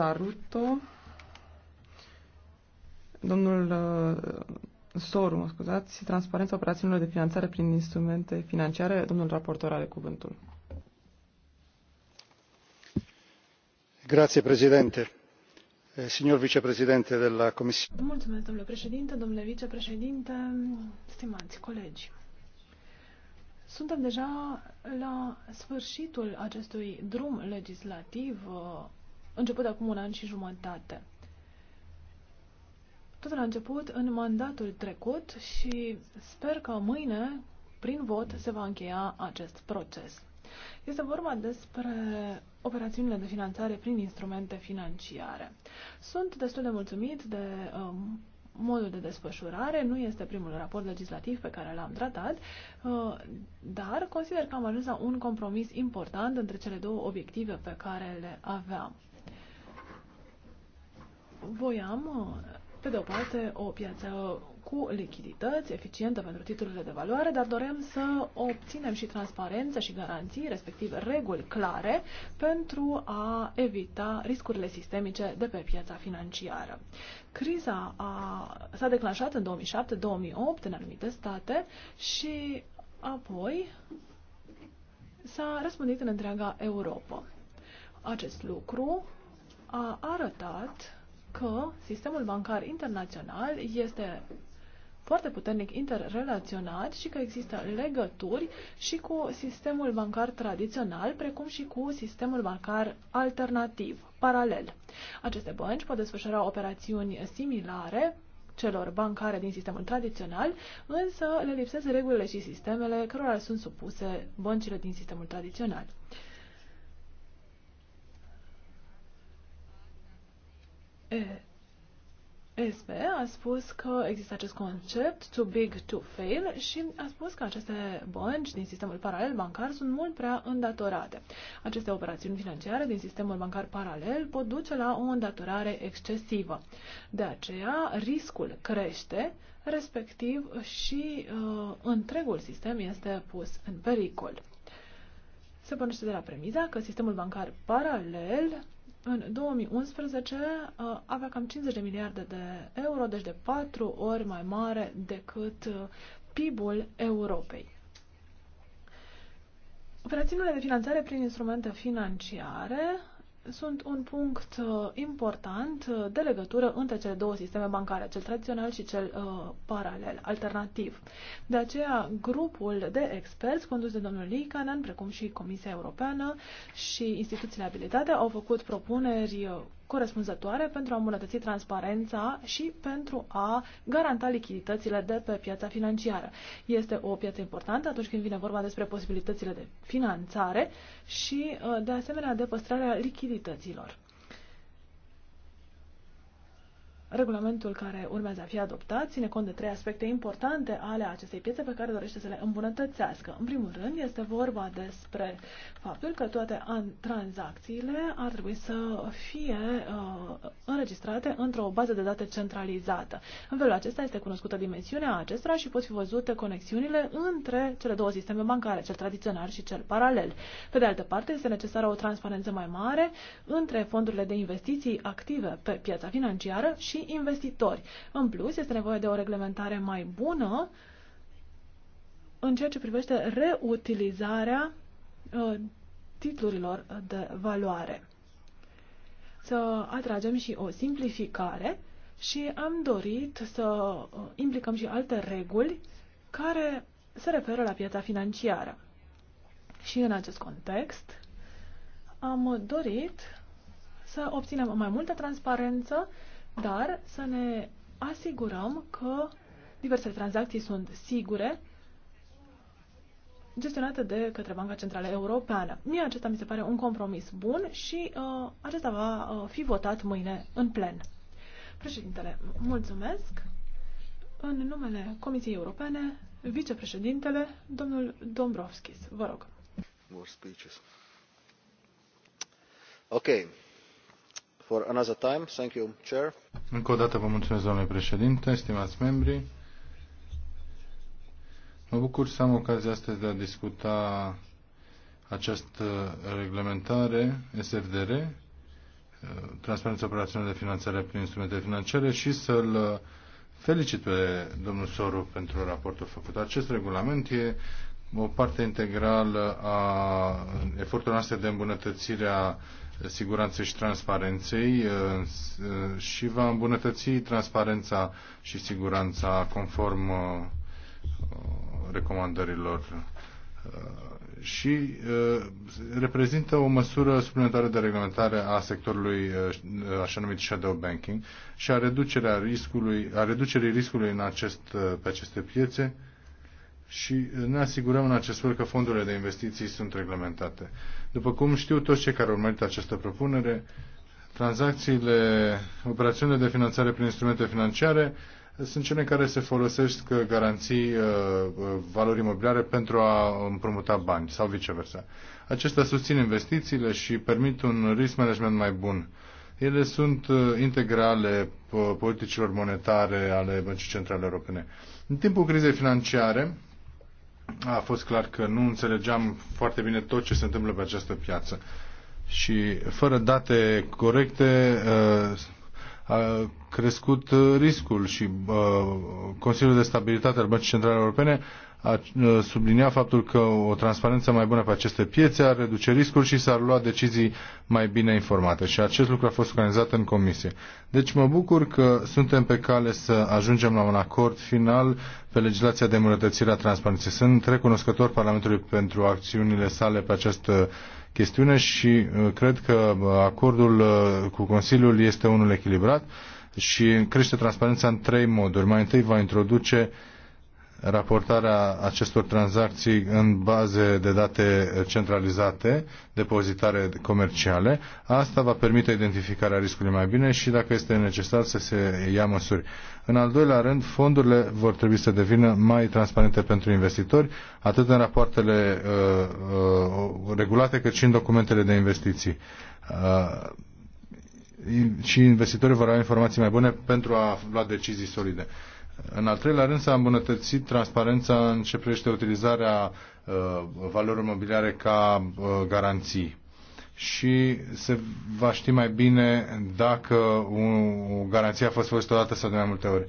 Țaruto, domnul uh, Soru, mă scuzați, transparența operațiunilor de finanțare prin instrumente financiare. Domnul raportor are cuvântul. Grazie, președinte. Eh, signor vicepreședinte de la Comisie. Mulțumesc, domnule președinte, domnule vicepreședinte, stimați colegi. Suntem deja la sfârșitul acestui drum legislativ început acum un an și jumătate. Totul a început în mandatul trecut și sper că mâine, prin vot, se va încheia acest proces. Este vorba despre operațiunile de finanțare prin instrumente financiare. Sunt destul de mulțumit de um, modul de desfășurare, nu este primul raport legislativ pe care l-am tratat, uh, dar consider că am ajuns la un compromis important între cele două obiective pe care le aveam voiam, uh, pe de o parte, o piață cu lichidități eficientă pentru titlurile de valoare, dar dorem să obținem și transparență și garanții, respectiv reguli clare, pentru a evita riscurile sistemice de pe piața financiară. Criza a, s-a declanșat în 2007-2008 în anumite state și apoi s-a răspândit în întreaga Europa. Acest lucru a arătat că sistemul bancar internațional este foarte puternic interrelaționat și că există legături și cu sistemul bancar tradițional, precum și cu sistemul bancar alternativ, paralel. Aceste bănci pot desfășura operațiuni similare celor bancare din sistemul tradițional, însă le lipsesc regulile și sistemele cărora sunt supuse băncile din sistemul tradițional. ESB a spus că există acest concept too big to fail și a spus că aceste bănci din sistemul paralel bancar sunt mult prea îndatorate. Aceste operațiuni financiare din sistemul bancar paralel pot duce la o îndatorare excesivă. De aceea, riscul crește, respectiv și uh, întregul sistem este pus în pericol. Se pornește de la premiza că sistemul bancar paralel în 2011 uh, avea cam 50 de miliarde de euro, deci de patru ori mai mare decât uh, PIB-ul Europei. Operațiunile de finanțare prin instrumente financiare sunt un punct uh, important uh, de legătură între cele două sisteme bancare, cel tradițional și cel uh, paralel, alternativ. De aceea, grupul de experți condus de domnul Liikanen, precum și Comisia Europeană și instituțiile abilitate, au făcut propuneri uh, corespunzătoare pentru a îmbunătăți transparența și pentru a garanta lichiditățile de pe piața financiară. Este o piață importantă atunci când vine vorba despre posibilitățile de finanțare și, uh, de asemenea, de păstrarea lichidităților. Regulamentul care urmează a fi adoptat ține cont de trei aspecte importante ale acestei piețe pe care dorește să le îmbunătățească. În primul rând, este vorba despre faptul că toate tranzacțiile ar trebui să fie uh, înregistrate într-o bază de date centralizată. În felul acesta este cunoscută dimensiunea acestora și pot fi văzute conexiunile între cele două sisteme bancare, cel tradițional și cel paralel. Pe de altă parte, este necesară o transparență mai mare între fondurile de investiții active pe piața financiară și investitori. În plus, este nevoie de o reglementare mai bună în ceea ce privește reutilizarea uh, titlurilor de valoare. Să atragem și o simplificare și am dorit să uh, implicăm și alte reguli care se referă la piața financiară. Și în acest context am dorit să obținem mai multă transparență dar să ne asigurăm că diversele tranzacții sunt sigure, gestionate de către Banca Centrală Europeană. Mie acesta mi se pare un compromis bun și uh, acesta va uh, fi votat mâine în plen. Președintele, mulțumesc. În numele Comisiei Europene, vicepreședintele, domnul Dombrovskis. Vă rog. Ok for another time. Thank you, Chair. Încă o dată vă mulțumesc, domnule președinte, stimați membri. Mă bucur să am ocazia astăzi de a discuta această reglementare SFDR, eh, transparența operațiunilor de finanțare prin instrumente financiare și să-l felicit pe domnul Soru pentru raportul făcut. Acest regulament e o parte integrală a eforturilor noastre de îmbunătățire a Siguranței și Transparenței uh, uh, și va îmbunătăți transparența și siguranța conform uh, recomandărilor și reprezintă o măsură suplimentară de reglementare a sectorului așa numit shadow banking și a reducerea riscului, a reducerii riscului în acest, pe aceste piețe și ne asigurăm în acest fel că fondurile de investiții sunt reglementate. După cum știu toți cei care au urmărit această propunere, tranzacțiile, operațiunile de finanțare prin instrumente financiare sunt cele care se folosesc uh, garanții uh, uh, valori imobiliare pentru a împrumuta bani sau viceversa. Acestea susțin investițiile și permit un risk management mai bun. Ele sunt integrale politicilor monetare ale Băncii Centrale Europene. În timpul crizei financiare, a fost clar că nu înțelegeam foarte bine tot ce se întâmplă pe această piață. Și fără date corecte uh, a crescut riscul și uh, Consiliul de Stabilitate al Băncii Centrale Europene Ă, sublinia faptul că o transparență mai bună pe aceste piețe ar reduce riscul și s-ar lua decizii mai bine informate. Și acest lucru a fost organizat în comisie. Deci mă bucur că suntem pe cale să ajungem la un acord final pe legislația de îmbunătățire a transparenței. Sunt recunoscător Parlamentului pentru acțiunile sale pe această chestiune și ă, cred că acordul ă, cu Consiliul este unul echilibrat și crește transparența în trei moduri. Mai întâi va introduce uh, raportarea acestor tranzacții în baze de date centralizate, depozitare comerciale. Asta va permite identificarea riscului mai bine și, dacă este necesar, să se ia măsuri. În al doilea rând, fondurile vor trebui să devină mai transparente pentru investitori, atât în rapoartele uh, uh, regulate, cât și în documentele de investiții. Uh, și investitorii vor avea informații mai bune pentru a lua decizii solide. În al treilea rând s-a îmbunătățit transparența în ce privește utilizarea uh, valorilor mobiliare ca uh, garanții și se va ști mai bine dacă o garanție a fost folosită odată sau de mai multe ori.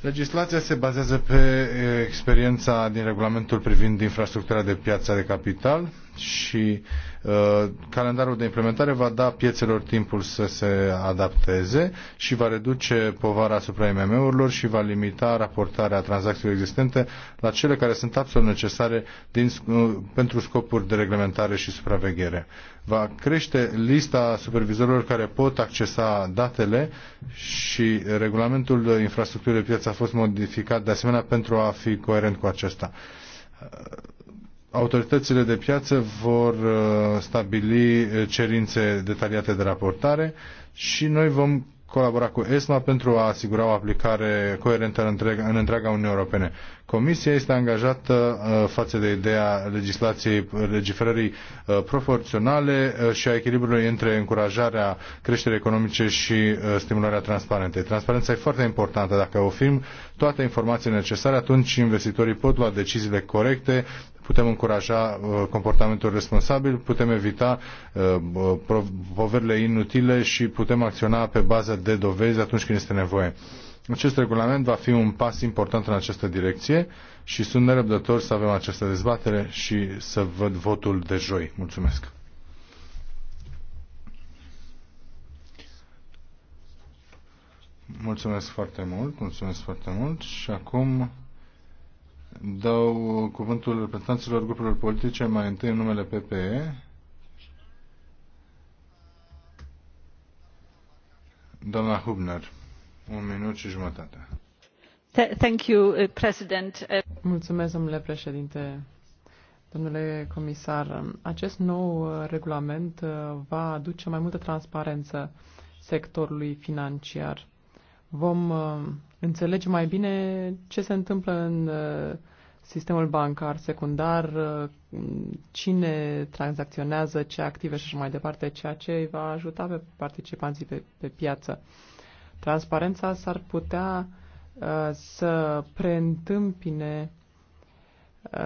Legislația se bazează pe uh, experiența din regulamentul privind infrastructura de piață de capital, și uh, calendarul de implementare va da piețelor timpul să se adapteze și va reduce povara asupra IMM-urilor și va limita raportarea tranzacțiilor existente la cele care sunt absolut necesare din, uh, pentru scopuri de reglementare și supraveghere. Va crește lista supervizorilor care pot accesa datele și regulamentul infrastructurii de piață a fost modificat de asemenea pentru a fi coerent cu acesta. Uh, autoritățile de piață vor uh, stabili uh, cerințe detaliate de raportare și noi vom colabora cu ESMA pentru a asigura o aplicare coerentă în întreaga, Uniune Europene. Comisia este angajată uh, față de ideea legislației, legiferării proporționale și a echilibrului între încurajarea creșterii economice și stimularea transparentei. Transparența e foarte importantă. Dacă oferim toate informațiile necesare, atunci investitorii pot lua deciziile corecte putem încuraja uh, comportamentul responsabil, putem evita uh, uh, poverile inutile și putem acționa pe bază de dovezi atunci când este nevoie. Acest regulament va fi un pas important în această direcție și sunt nerăbdător să avem această dezbatere și să văd votul de joi. Mulțumesc! Mulțumesc foarte mult, mulțumesc foarte mult și acum Dau cuvântul reprezentanților grupurilor politice, mai întâi în numele PPE. Doamna Hubner, un minut și jumătate. Thank you, uh, President. Uh, Mulțumesc, domnule președinte. Domnule comisar, acest nou uh, regulament va aduce mai multă transparență sectorului financiar. Vom înțelegi mai bine ce se întâmplă în uh, sistemul bancar secundar, uh, cine tranzacționează, ce active și așa mai departe, ceea ce îi va ajuta pe participanții pe, pe piață. Transparența s-ar putea uh, să preîntâmpine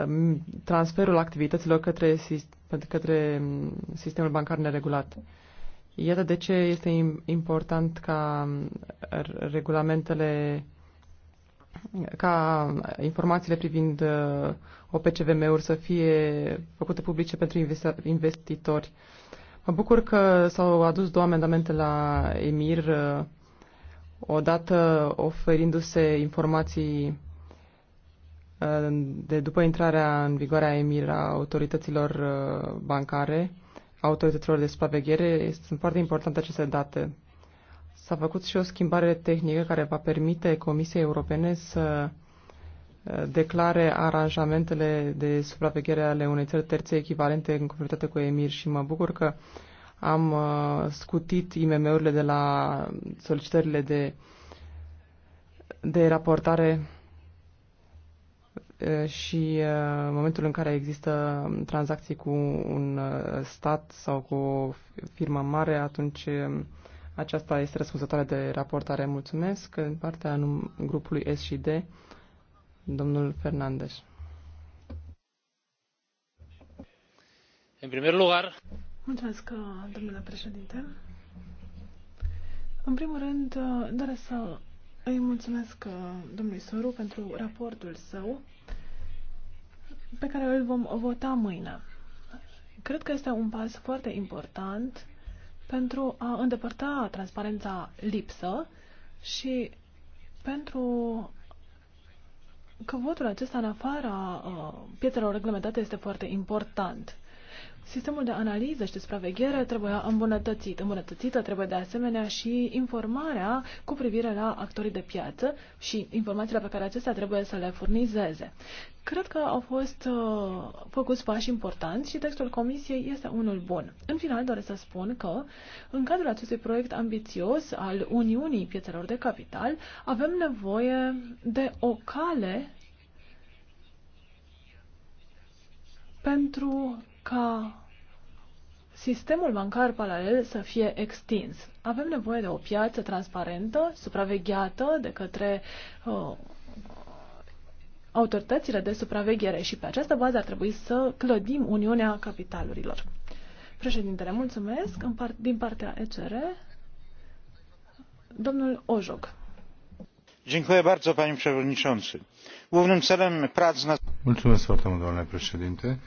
um, transferul activităților către, către um, sistemul bancar neregulat. Iată de ce este important ca regulamentele, ca informațiile privind uh, OPCVM-uri să fie făcute publice pentru investitori. Mă bucur că s-au adus două amendamente la EMIR, uh, odată oferindu-se informații uh, de după intrarea în vigoare a EMIR a autorităților bancare, autorităților de supraveghere. Sunt foarte importante aceste date. S-a făcut și o schimbare tehnică care va permite Comisiei Europene să uh, declare aranjamentele de supraveghere ale unei țări terțe echivalente în conformitate cu EMIR și mă bucur că am uh, scutit IMM-urile de la solicitările de, de raportare Eh, și eh, în momentul în care există tranzacții cu un eh, stat sau cu o firmă mare, atunci aceasta este răspunzătoare de raportare. Mulțumesc. În partea grupului S și D, domnul Fernandez. În primul lugar. Mulțumesc, domnule președinte. În primul rând, doresc să îi mulțumesc domnului Soru pentru raportul său pe care îl vom vota mâine. Cred că este un pas foarte important pentru a îndepărta transparența lipsă și pentru că votul acesta în afara uh, piețelor reglementate este foarte important. Sistemul de analiză și de supraveghere trebuie îmbunătățit. Îmbunătățită trebuie de asemenea și informarea cu privire la actorii de piață și informațiile pe care acestea trebuie să le furnizeze. Cred că au fost uh, făcuți pași importanți și textul comisiei este unul bun. În final doresc să spun că, în cadrul acestui proiect ambițios al Uniunii Piețelor de Capital, avem nevoie de o cale pentru ca sistemul bancar paralel să fie extins. Avem nevoie de o piață transparentă, supravegheată de către uh, autoritățile de supraveghere și pe această bază ar trebui să clădim Uniunea Capitalurilor. Președintele, mulțumesc. par din partea ECR, domnul Ojog. Dziękuję bardzo, panie przewodniczący. Głównym celem prac na... Mulțumesc foarte mult, domnule președinte.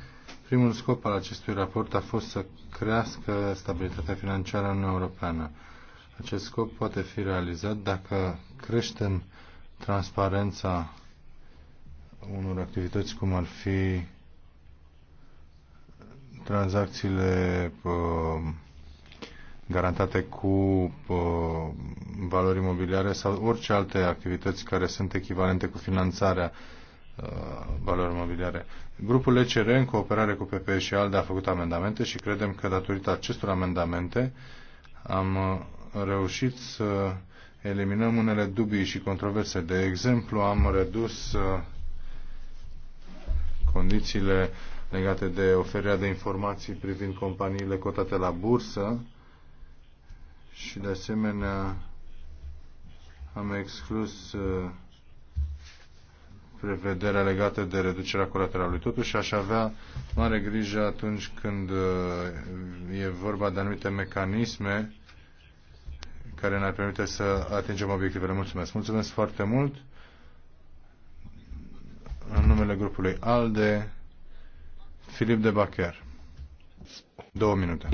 Primul scop al acestui raport a fost să crească stabilitatea financiară în europeană. Acest scop poate fi realizat dacă creștem transparența unor activități cum ar fi tranzacțiile garantate cu valori imobiliare sau orice alte activități care sunt echivalente cu finanțarea uh, Uh, valori mobiliare. Grupul ECR, în cooperare cu PP și ALDE, a făcut amendamente și credem că datorită acestor amendamente am uh, reușit să eliminăm unele dubii și controverse. De exemplu, am redus uh, condițiile legate de oferirea de informații privind companiile cotate la bursă și, de asemenea, am exclus prevederea legată de reducerea colateralului. Totuși aș avea mare grijă atunci când uh, e vorba de anumite mecanisme care ne-ar permite să atingem obiectivele. Mulțumesc! Mulțumesc foarte mult! În numele grupului ALDE, Filip de Bacher. Două minute.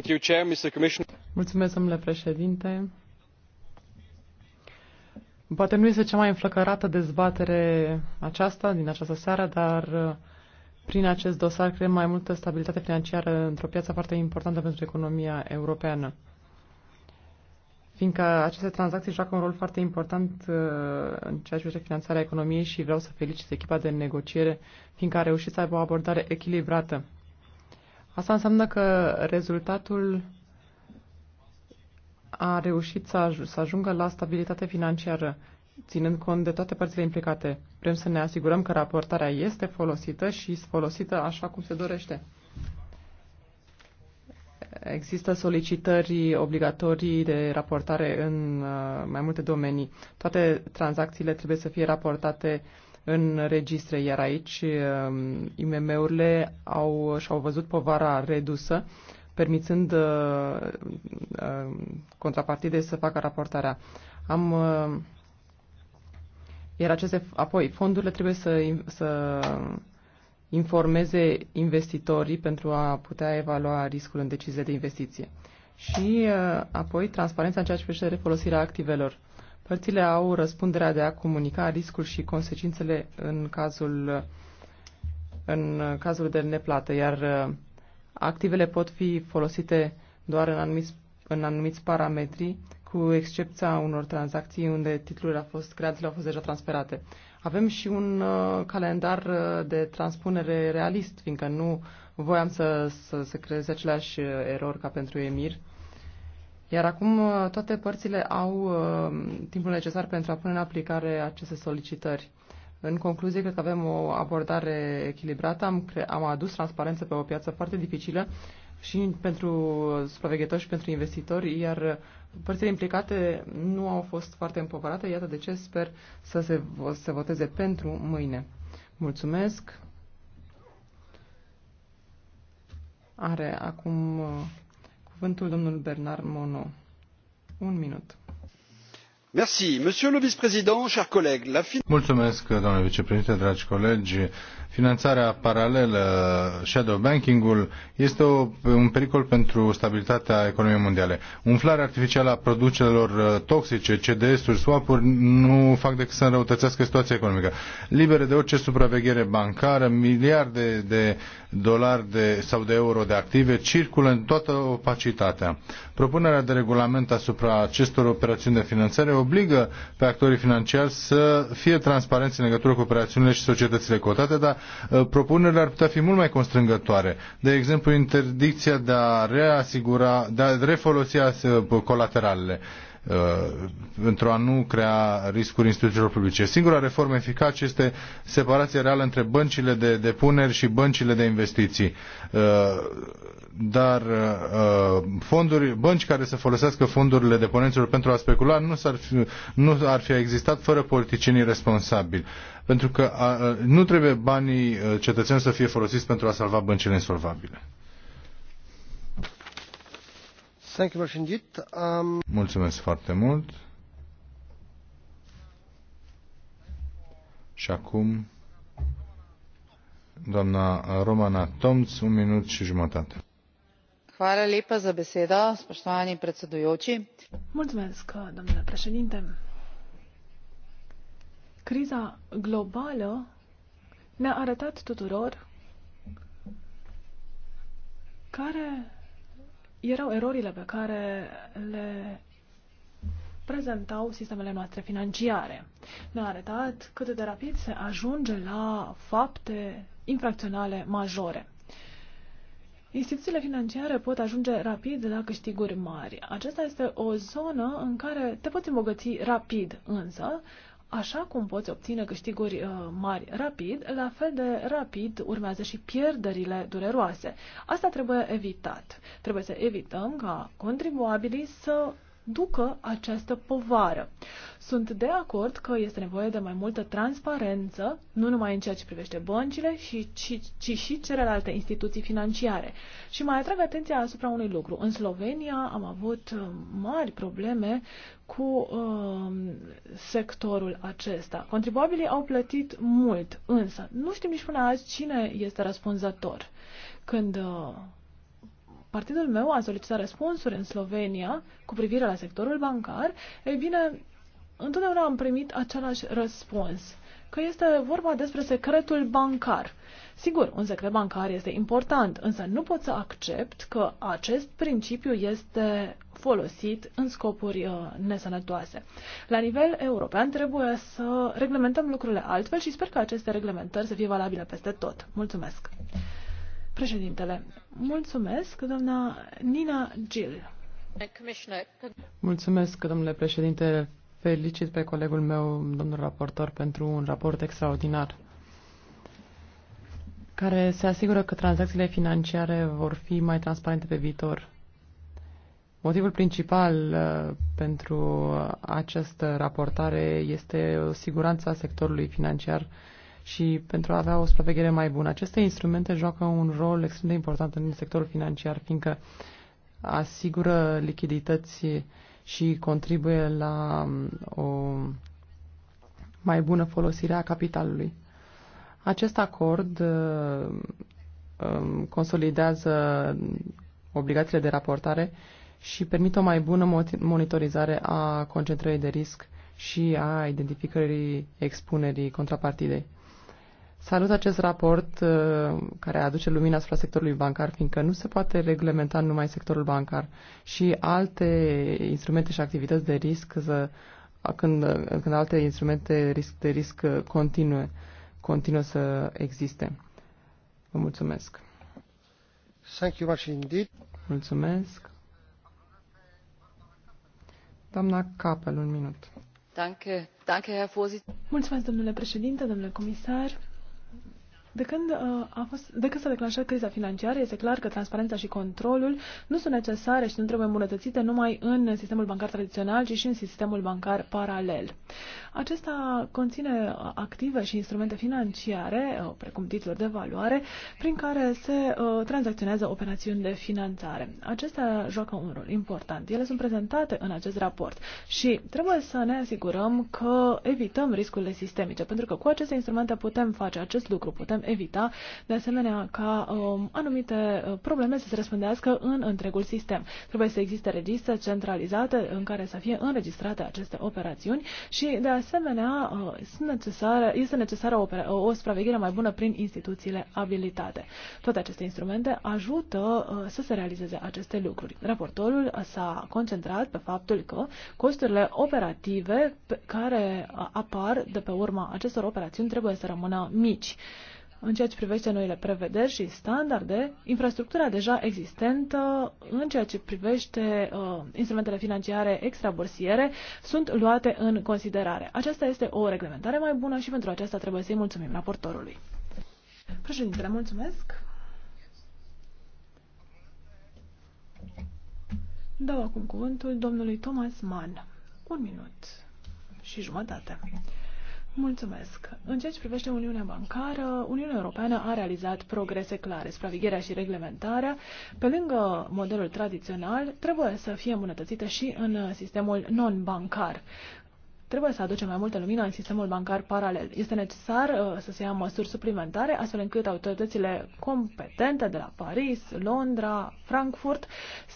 Mulțumesc, domnule președinte. Poate nu este cea mai înflăcărată dezbatere aceasta, din această seară, dar uh, prin acest dosar creăm mai multă stabilitate financiară într-o piață foarte importantă pentru economia europeană. Fiindcă aceste tranzacții joacă un rol foarte important uh, în ceea ce privește finanțarea economiei și vreau să felicit echipa de negociere, fiindcă a reușit să aibă o abordare echilibrată. Asta înseamnă că rezultatul a reușit să, aj- să ajungă la stabilitate financiară, ținând cont de toate părțile implicate. Vrem să ne asigurăm că raportarea este folosită și folosită așa cum se dorește. Există solicitări obligatorii de raportare în uh, mai multe domenii. Toate tranzacțiile trebuie să fie raportate în registre, iar aici um, IMM-urile au, și-au văzut povara redusă permițând uh, uh, contrapartidei să facă raportarea. Am, uh, iar aceste, apoi, fondurile trebuie să, să informeze investitorii pentru a putea evalua riscul în decizie de investiție. Și uh, apoi, transparența în ceea ce privește refolosirea activelor. Părțile au răspunderea de a comunica riscul și consecințele în cazul, în cazul de neplată, iar uh, Activele pot fi folosite doar în anumiți, în anumiți parametri, cu excepția unor tranzacții unde titlurile au fost, creanțele au fost deja transferate. Avem și un uh, calendar uh, de transpunere realist, fiindcă nu voiam să, să, să creeze aceleași uh, erori ca pentru Emir. Iar acum uh, toate părțile au uh, timpul necesar pentru a pune în aplicare aceste solicitări. În concluzie, cred că avem o abordare echilibrată. Am, am adus transparență pe o piață foarte dificilă și pentru supraveghetori și pentru investitori, iar părțile implicate nu au fost foarte împovărate. Iată de ce sper să se, să se voteze pentru mâine. Mulțumesc. Are acum uh, cuvântul domnul Bernard Mono. Un minut. Mulțumesc, domnule vicepreședinte, dragi colegi. Finanțarea paralelă, shadow banking-ul, este o, un pericol pentru stabilitatea economiei mondiale. Umflarea artificială a produselor uh, toxice, CDS-uri, swap-uri, nu fac decât să înrăutățească situația economică. Libere de orice supraveghere bancară, miliarde de dolari de, sau de euro de active circulă în toată opacitatea. Propunerea de regulament asupra acestor operațiuni de finanțare obligă pe actorii financiari să fie transparenți în legătură cu operațiunile și societățile cotate, dar ă, propunerile ar putea fi mult mai constrângătoare. De exemplu, interdicția de a reasigura, de a refolosi ă, colateralele pentru uh, a nu crea riscuri instituțiilor publice. Singura reformă eficace este separația reală între băncile de depuneri și băncile de investiții. Uh, dar uh, fonduri, bănci care să folosească fondurile deponenților pentru a specula nu, s-ar fi, nu ar fi existat fără politicienii responsabili. Pentru că nu trebuie banii cetățenilor să fie folosiți pentru a salva băncile insolvabile. Um, Mulțumesc foarte mult. Și acum, doamna Romana Tomț, un minut și jumătate. Hvala lepa za besedo, spoštovani predsedujoči. Mulțumesc, domnule președinte. Criza globală ne-a arătat tuturor care erau erorile pe care le prezentau sistemele noastre financiare. Ne-a arătat cât de rapid se ajunge la fapte infracționale majore. Instituțiile financiare pot ajunge rapid la câștiguri mari. Aceasta este o zonă în care te poți îmbogăți rapid, însă Așa cum poți obține câștiguri uh, mari rapid, la fel de rapid urmează și pierderile dureroase. Asta trebuie evitat. Trebuie să evităm ca contribuabilii să ducă această povară. Sunt de acord că este nevoie de mai multă transparență, nu numai în ceea ce privește băncile, ci, ci, ci și celelalte instituții financiare. Și mai atrag atenția asupra unui lucru. În Slovenia am avut uh, mari probleme cu uh, sectorul acesta. Contribuabilii au plătit mult, însă nu știm nici până azi cine este răspunzător. Când uh, partidul meu a solicitat răspunsuri în Slovenia cu privire la sectorul bancar, ei bine, întotdeauna am primit același răspuns, că este vorba despre secretul bancar. Sigur, un secret bancar este important, însă nu pot să accept că acest principiu este folosit în scopuri uh, nesănătoase. La nivel european trebuie să reglementăm lucrurile altfel și sper că aceste reglementări să fie valabile peste tot. Mulțumesc! Președintele, mulțumesc, doamna Nina Gil. Mulțumesc, domnule președinte. Felicit pe colegul meu, domnul raportor, pentru un raport extraordinar care se asigură că tranzacțiile financiare vor fi mai transparente pe viitor. Motivul principal uh, pentru această raportare este siguranța sectorului financiar și pentru a avea o supraveghere mai bună. Aceste instrumente joacă un rol extrem de important în sectorul financiar, fiindcă asigură lichidități și contribuie la um, o mai bună folosire a capitalului. Acest acord uh, um, consolidează obligațiile de raportare și permite o mai bună monitorizare a concentrării de risc și a identificării expunerii contrapartidei. Salut acest raport uh, care aduce lumina asupra sectorului bancar, fiindcă nu se poate reglementa numai sectorul bancar și alte instrumente și activități de risc să, când, când alte instrumente risc, de risc continue, continuă să existe. Vă mulțumesc. Thank you much indeed. Mulțumesc. Doamna Capel, un minut. Danke. Danke, Herr Mulțumesc, domnule președinte, domnule comisar. De când, uh, a fost, de când s-a declanșat criza financiară, este clar că transparența și controlul nu sunt necesare și nu trebuie îmbunătățite numai în sistemul bancar tradițional, ci și în sistemul bancar paralel. Acesta conține uh, active și instrumente financiare, uh, precum titluri de valoare, prin care se uh, tranzacționează operațiuni de finanțare. Acestea joacă un rol important. Ele sunt prezentate în acest raport și trebuie să ne asigurăm că evităm riscurile sistemice, pentru că cu aceste instrumente putem face acest lucru, putem evita, de asemenea, ca um, anumite uh, probleme să se răspândească în întregul sistem. Trebuie să existe registre centralizate în care să fie înregistrate aceste operațiuni și, de asemenea, uh, sunt necesare, este necesară o, o supraveghere mai bună prin instituțiile abilitate. Toate aceste instrumente ajută uh, să se realizeze aceste lucruri. Raportorul s-a concentrat pe faptul că costurile operative care apar de pe urma acestor operațiuni trebuie să rămână mici. În ceea ce privește noile prevederi și standarde, infrastructura deja existentă în ceea ce privește uh, instrumentele financiare extrabursiere sunt luate în considerare. Aceasta este o reglementare mai bună și pentru aceasta trebuie să-i mulțumim raportorului. Președintele, mulțumesc. Dau acum cuvântul domnului Thomas Mann. Un minut și jumătate. Mulțumesc. În ceea ce privește Uniunea Bancară, Uniunea Europeană a realizat progrese clare, supravegherea și reglementarea. Pe lângă modelul tradițional, trebuie să fie îmbunătățită și în sistemul non-bancar. Trebuie să aducem mai multă lumină în sistemul bancar paralel. Este necesar uh, să se ia măsuri suplimentare, astfel încât autoritățile competente de la Paris, Londra, Frankfurt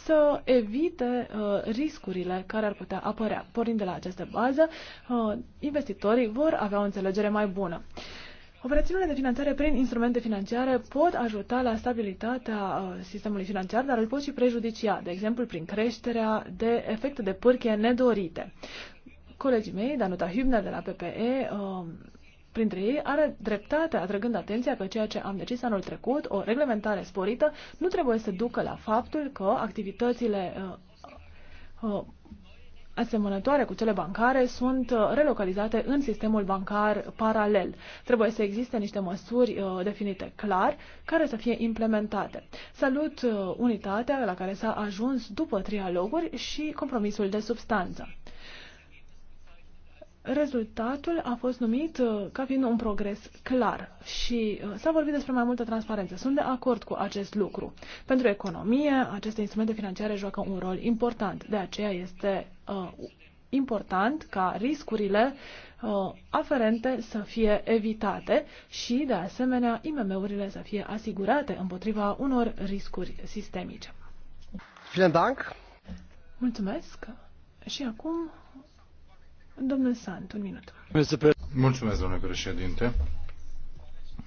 să evite uh, riscurile care ar putea apărea. Pornind de la această bază, uh, investitorii vor avea o înțelegere mai bună. Operațiunile de finanțare prin instrumente financiare pot ajuta la stabilitatea uh, sistemului financiar, dar îl pot și prejudicia, de exemplu prin creșterea de efecte de pârche nedorite. Colegii mei, Danuta Hübner de la PPE, um, printre ei, are dreptate atrăgând atenția că ceea ce am decis anul trecut, o reglementare sporită, nu trebuie să ducă la faptul că activitățile uh, uh, asemănătoare cu cele bancare sunt uh, relocalizate în sistemul bancar paralel. Trebuie să existe niște măsuri definite clar care să fie implementate. Salut unitatea la care s-a ajuns după trialoguri și compromisul de substanță. Rezultatul a fost numit uh, ca fiind un progres clar și uh, s-a vorbit despre mai multă transparență. Sunt de acord cu acest lucru. Pentru economie, aceste instrumente financiare joacă un rol important. De aceea este uh, important ca riscurile uh, aferente să fie evitate și, de asemenea, IMM-urile să fie asigurate împotriva unor riscuri sistemice. Mulțumesc! Și acum Domnul Sant, un minut. Mulțumesc, domnule președinte.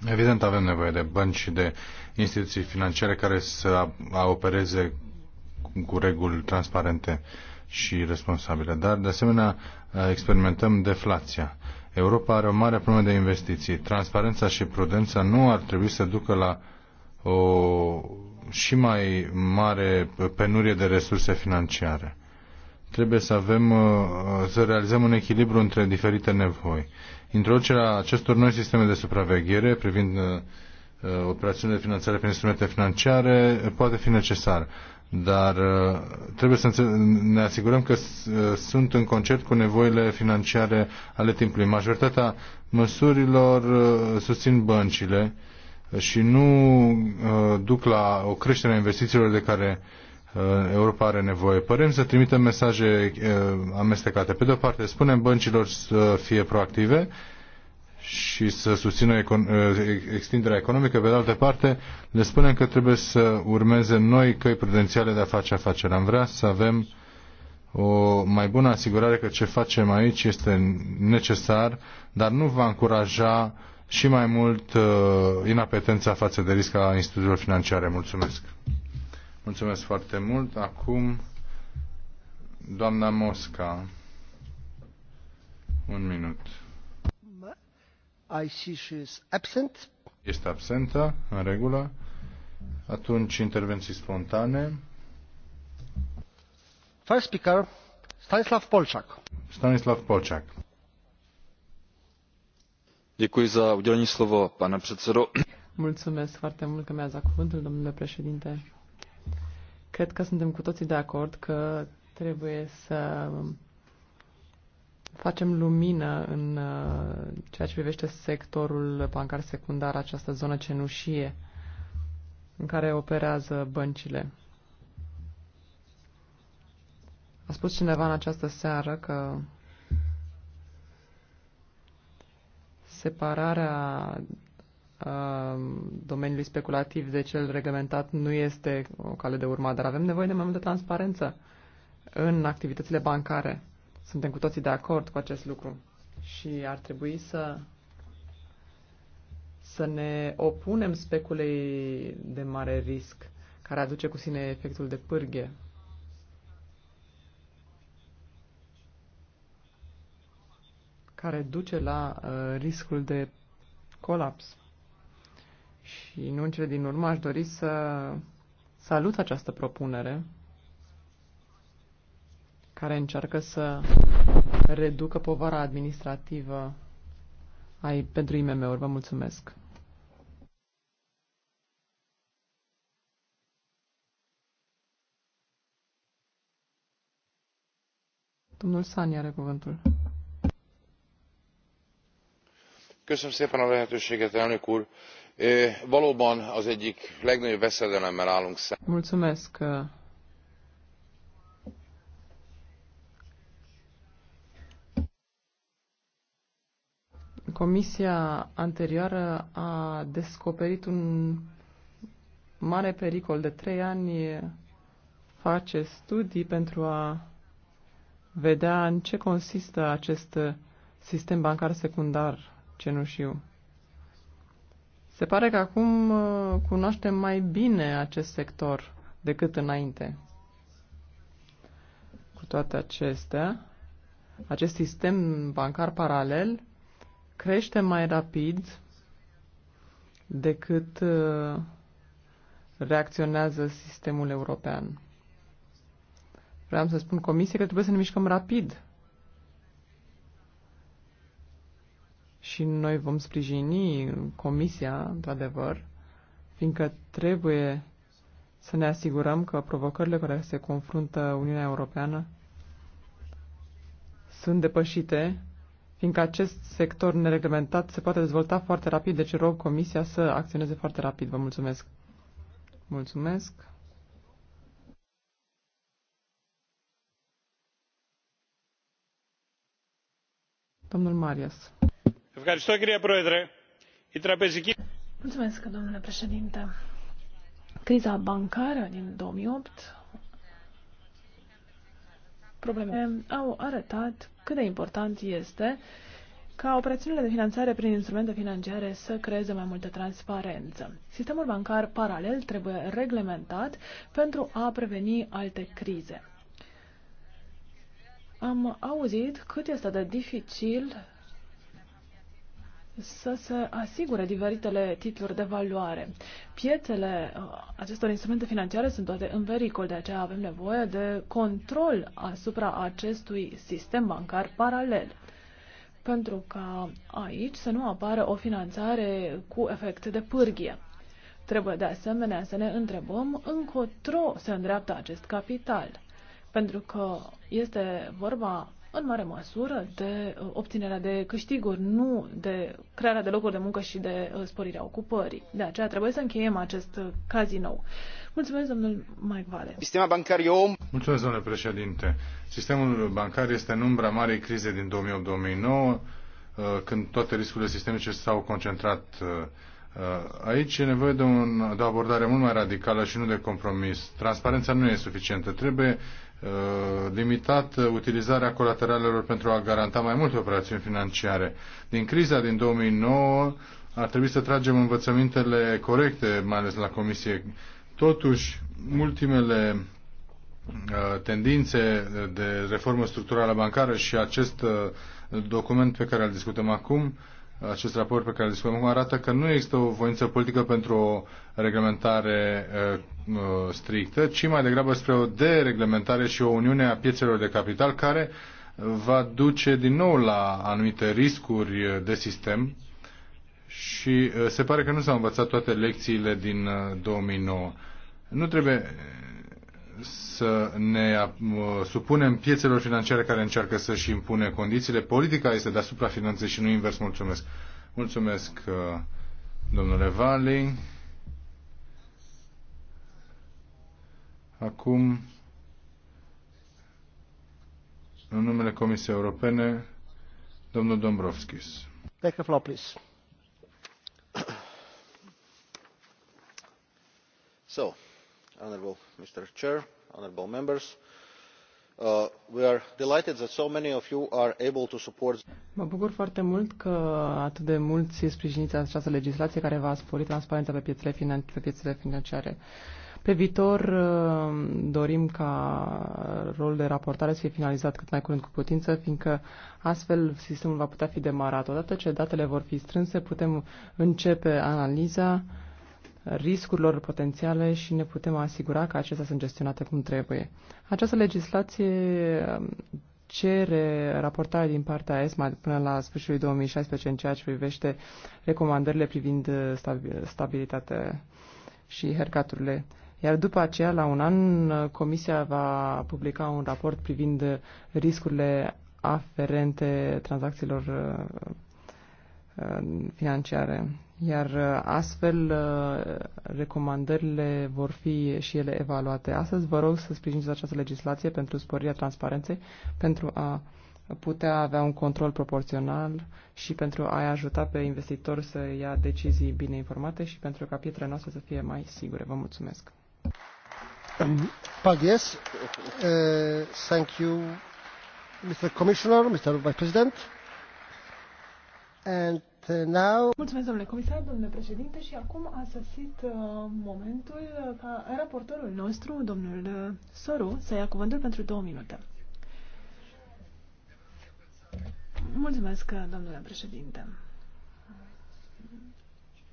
Evident avem nevoie de bănci și de instituții financiare care să opereze cu reguli transparente și responsabile. Dar, de asemenea, experimentăm deflația. Europa are o mare problemă de investiții. Transparența și prudența nu ar trebui să ducă la o și mai mare penurie de resurse financiare trebuie să avem, uh, să realizăm un echilibru între diferite nevoi. Introducerea acestor noi sisteme de supraveghere privind uh, uh, operațiunile de finanțare prin instrumente financiare poate fi necesar, dar trebuie să ne asigurăm că sunt în concert cu nevoile financiare ale timpului. Majoritatea măsurilor susțin băncile și nu duc la o creștere a investițiilor de care uh, Europa are nevoie. Părem să trimitem mesaje eh, amestecate. Pe de o parte, spunem băncilor să fie proactive și să susțină eh, extinderea economică. Pe de altă parte, le spunem că trebuie să urmeze noi căi prudențiale de a face afaceri. Am vrea să avem o mai bună asigurare că ce facem aici este necesar, dar nu va încuraja și mai mult eh, inapetența față de risca instituțiilor financiare. Mulțumesc! Mulțumesc foarte mult. Acum, doamna Mosca. Un minut. I see she is absent. Este absentă, în regulă. Atunci intervenții spontane. First speaker, Stanislav Polčak. Stanislav Polčak. Děkuji za udělení slovo, pane předsedo. Mulțumesc foarte mult că mi-ați dat cuvântul, domnule președinte. Cred că suntem cu toții de acord că trebuie să facem lumină în uh, ceea ce privește sectorul bancar secundar, această zonă cenușie în care operează băncile. A spus cineva în această seară că separarea Um, domeniului speculativ de deci cel reglementat nu este o cale de urmat, dar avem nevoie de mai multă transparență în activitățile bancare. Suntem cu toții de acord cu acest lucru și ar trebui să să ne opunem speculei de mare risc care aduce cu sine efectul de pârghe. care duce la uh, riscul de colaps. Și nu în cele din urmă aș dori să salut această propunere care încearcă să reducă povara administrativă ai, pentru IMM-uri. Vă mulțumesc! Domnul Sani are cuvântul. valóban az egyik legnagyobb veszedelemmel állunk comisia anterioară a descoperit un mare pericol de trei ani face studii pentru a vedea în ce consistă acest sistem bancar secundar cenușiu. Se pare că acum uh, cunoaștem mai bine acest sector decât înainte. Cu toate acestea, acest sistem bancar paralel crește mai rapid decât uh, reacționează sistemul european. Vreau să spun comisie că trebuie să ne mișcăm rapid și noi vom sprijini comisia, într-adevăr, fiindcă trebuie să ne asigurăm că provocările cu care se confruntă Uniunea Europeană sunt depășite, fiindcă acest sector nereglementat se poate dezvolta foarte rapid, deci rog Comisia să acționeze foarte rapid. Vă mulțumesc! Mulțumesc! Domnul Marias. Mulțumesc, domnule președinte. Criza bancară din 2008 probleme au arătat cât de important este ca operațiunile de finanțare prin instrumente financiare să creeze mai multă transparență. Sistemul bancar paralel trebuie reglementat pentru a preveni alte crize. Am auzit cât este de dificil să se asigure diferitele titluri de valoare. Piețele uh, acestor instrumente financiare sunt toate în vericol, de aceea avem nevoie de control asupra acestui sistem bancar paralel pentru ca aici să nu apară o finanțare cu efect de pârghie. Trebuie de asemenea să ne întrebăm încotro se îndreaptă acest capital, pentru că este vorba în mare măsură de uh, obținerea de câștiguri, nu de crearea de locuri de muncă și de uh, sporirea ocupării. De aceea trebuie să încheiem acest uh, cazinou. Mulțumesc, domnul Mike Vale. Sistema bancar eu... Mulțumesc, domnule președinte. Sistemul bancar este în umbra marei crize din 2008-2009, când toate riscurile sistemice s-au concentrat Aici e nevoie de, un, de o abordare mult mai radicală și nu de compromis. Transparența nu e suficientă. Trebuie Uh, limitat utilizarea colateralelor pentru a garanta mai multe operațiuni financiare. Din criza din 2009 ar trebui să tragem învățămintele corecte, mai ales la Comisie. Totuși, ultimele uh, tendințe de reformă structurală bancară și acest uh, document pe care îl discutăm acum acest raport pe care îl discutăm arată că nu există o voință politică pentru o reglementare uh, uh, strictă, ci mai degrabă spre o dereglementare și o uniune a piețelor de capital care va duce din nou la anumite riscuri de sistem și uh, se pare că nu s-au învățat toate lecțiile din uh, 2009. Nu trebuie să ne uh, supunem piețelor financiare care încearcă să-și impune condițiile. Politica este deasupra finanței și nu invers. Mulțumesc. Mulțumesc, uh, domnule Vali. Acum, în numele Comisiei Europene, domnul Dombrovskis. Take a floor, please. So, honourable mr honourable members uh, we are delighted that so many of you are able to support. Mă bucur foarte mult că atât de mulți sprijiniți această legislație care va spori transparența pe piețele, finan- pe piețele financiare. Pe viitor uh, dorim ca rolul de raportare să fie finalizat cât mai curând cu putință, fiindcă astfel sistemul va putea fi demarat. Odată ce datele vor fi strânse, putem începe analiza riscurilor potențiale și ne putem asigura că acestea sunt gestionate cum trebuie. Această legislație um, cere raportarea din partea ESMA până la sfârșitul 2016 în ceea ce privește recomandările privind uh, stabilitatea și hercaturile. Iar după aceea, la un an, uh, Comisia va publica un raport privind uh, riscurile aferente tranzacțiilor financiare iar uh, astfel uh, recomandările vor fi și ele evaluate. Astăzi vă rog să sprijiniți această legislație pentru sporirea transparenței, pentru a putea avea un control proporțional și pentru a-i ajuta pe investitori să ia decizii bine informate și pentru ca pietrele noastre să fie mai sigure. Vă mulțumesc! Um, Pagies, uh, thank you, Mr. Commissioner, Mr. Vice President. And now... Mulțumesc, domnule comisar, domnule președinte, și acum a sosit uh, momentul ca raportorul nostru, domnul uh, Soru, să ia cuvântul pentru două minute. Mulțumesc, domnule președinte.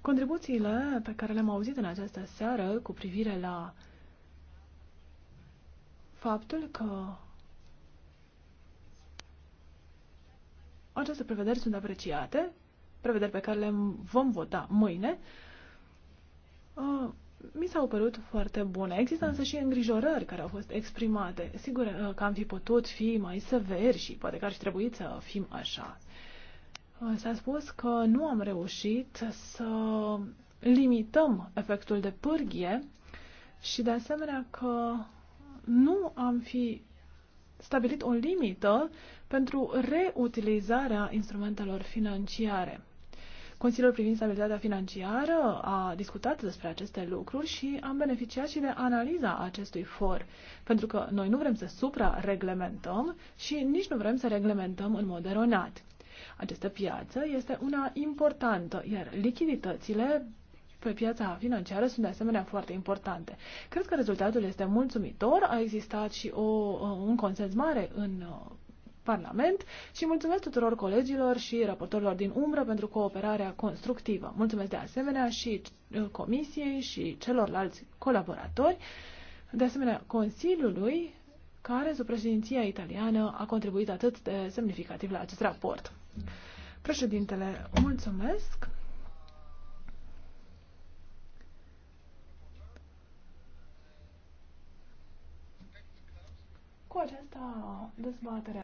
Contribuțiile pe care le-am auzit în această seară cu privire la faptul că aceste prevederi sunt apreciate prevederi pe care le vom vota mâine, uh, mi s-au părut foarte bune. Există însă și îngrijorări care au fost exprimate. Sigur uh, că am fi putut fi mai severi și poate că ar fi trebuit să fim așa. Uh, s-a spus că nu am reușit să limităm efectul de pârghie și de asemenea că nu am fi stabilit o limită pentru reutilizarea instrumentelor financiare. Consiliul privind stabilitatea financiară a discutat despre aceste lucruri și am beneficiat și de analiza acestui for, pentru că noi nu vrem să supra-reglementăm și nici nu vrem să reglementăm în mod eronat. Această piață este una importantă, iar lichiditățile pe piața financiară sunt de asemenea foarte importante. Cred că rezultatul este mulțumitor, a existat și o, un consens mare în uh, Parlament și mulțumesc tuturor colegilor și raportorilor din umbră pentru cooperarea constructivă. Mulțumesc de asemenea și uh, Comisiei și celorlalți colaboratori, de asemenea Consiliului, care sub președinția italiană a contribuit atât de semnificativ la acest raport. Președintele, mulțumesc! Cu aceasta dezbaterea